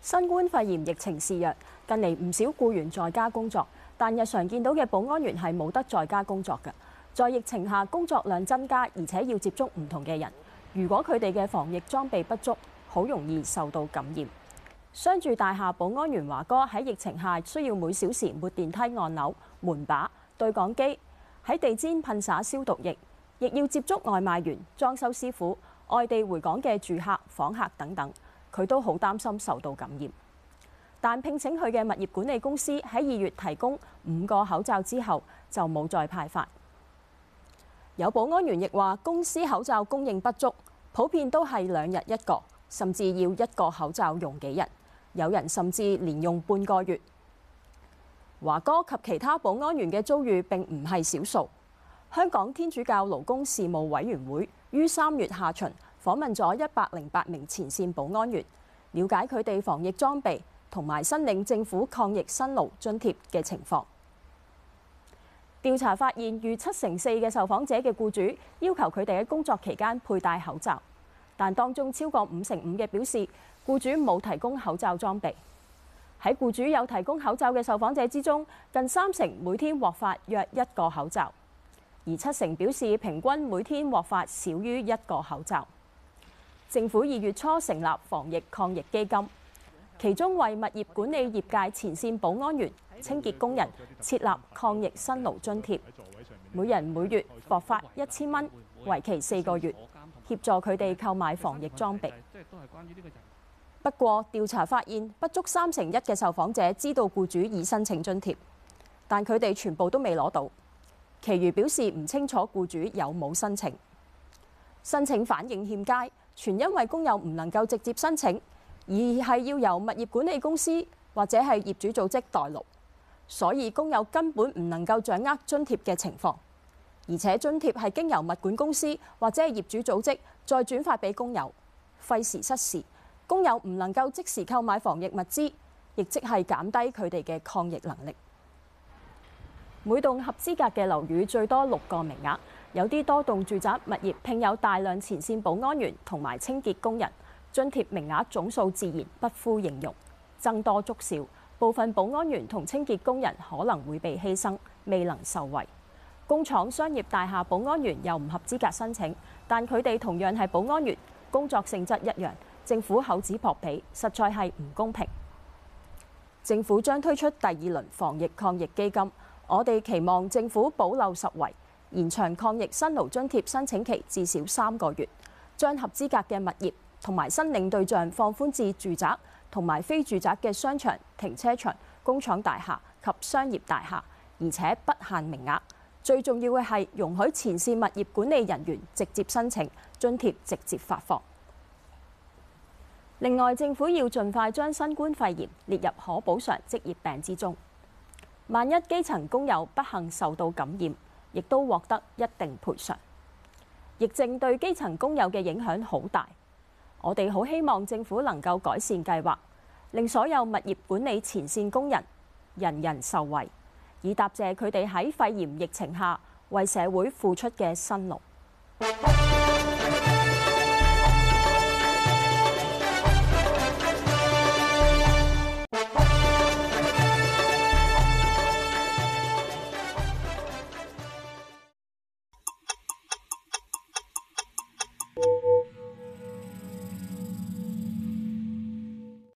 新冠肺炎疫情肆虐，近嚟唔少僱員在家工作，但日常見到嘅保安員係冇得在家工作㗎。在疫情下，工作量增加，而且要接觸唔同嘅人。如果佢哋嘅防疫裝備不足，好容易受到感染。商住大廈保安員華哥喺疫情下需要每小時抹電梯按鈕、門把、對講機，喺地氈噴灑消毒液，亦要接觸外賣員、裝修師傅、外地回港嘅住客、房客等等。佢都好擔心受到感染，但聘請佢嘅物業管理公司喺二月提供五個口罩之後，就冇再派發。有保安員亦話，公司口罩供應不足，普遍都係兩日一個，甚至要一個口罩用幾日，有人甚至連用半個月。華哥及其他保安員嘅遭遇並唔係少數。香港天主教勞工事務委員會於三月下旬，訪問咗一百零八名前線保安員，瞭解佢哋防疫裝備同埋申領政府抗疫辛勞津貼嘅情況。調查發現，逾七成四嘅受訪者嘅僱主要求佢哋喺工作期間佩戴口罩，但當中超過五成五嘅表示僱主冇提供口罩裝備。喺僱主有提供口罩嘅受訪者之中，近三成每天獲發約一個口罩，而七成表示平均每天獲發少於一個口罩。政府二月初成立防疫抗疫基金，其中為物業管理業界前線保安員、清潔工人設立抗疫辛勞津貼，每人每月撥發一千蚊，為期四個月，協助佢哋購買防疫裝備。不過調查發現，不足三成一嘅受訪者知道僱主已申請津貼，但佢哋全部都未攞到，其餘表示唔清楚僱主有冇申請。申請反應欠佳，全因為工友唔能夠直接申請，而係要由物業管理公司或者係業主組織代錄，所以工友根本唔能夠掌握津貼嘅情況。而且津貼係經由物管公司或者係業主組織再轉發俾工友，費時失事，工友唔能夠即時購買防疫物資，亦即係減低佢哋嘅抗疫能力。每棟合資格嘅樓宇最多六個名額。有啲多棟住宅物業聘有大量前線保安員同埋清潔工人，津貼名額總數自然不敷形容，僧多粥少。部分保安員同清潔工人可能會被犧牲，未能受惠。工廠、商業大廈保安員又唔合資格申請，但佢哋同樣係保安員，工作性質一樣。政府厚此薄彼，實在係唔公平。政府將推出第二輪防疫抗疫基金，我哋期望政府保留實惠。延長抗疫辛勞津貼申請期至少三個月，將合資格嘅物業同埋申領對象放寬至住宅同埋非住宅嘅商場、停車場、工廠大廈及商業大廈，而且不限名額。最重要嘅係容許前線物業管理人員直接申請津貼，直接發放。另外，政府要盡快將新冠肺炎列入可補償職業病之中。萬一基層工友不幸受到感染，亦都獲得一定賠償，疫症對基層工友嘅影響好大。我哋好希望政府能夠改善計劃，令所有物業管理前線工人人人受惠，以答謝佢哋喺肺炎疫情下為社會付出嘅辛勞。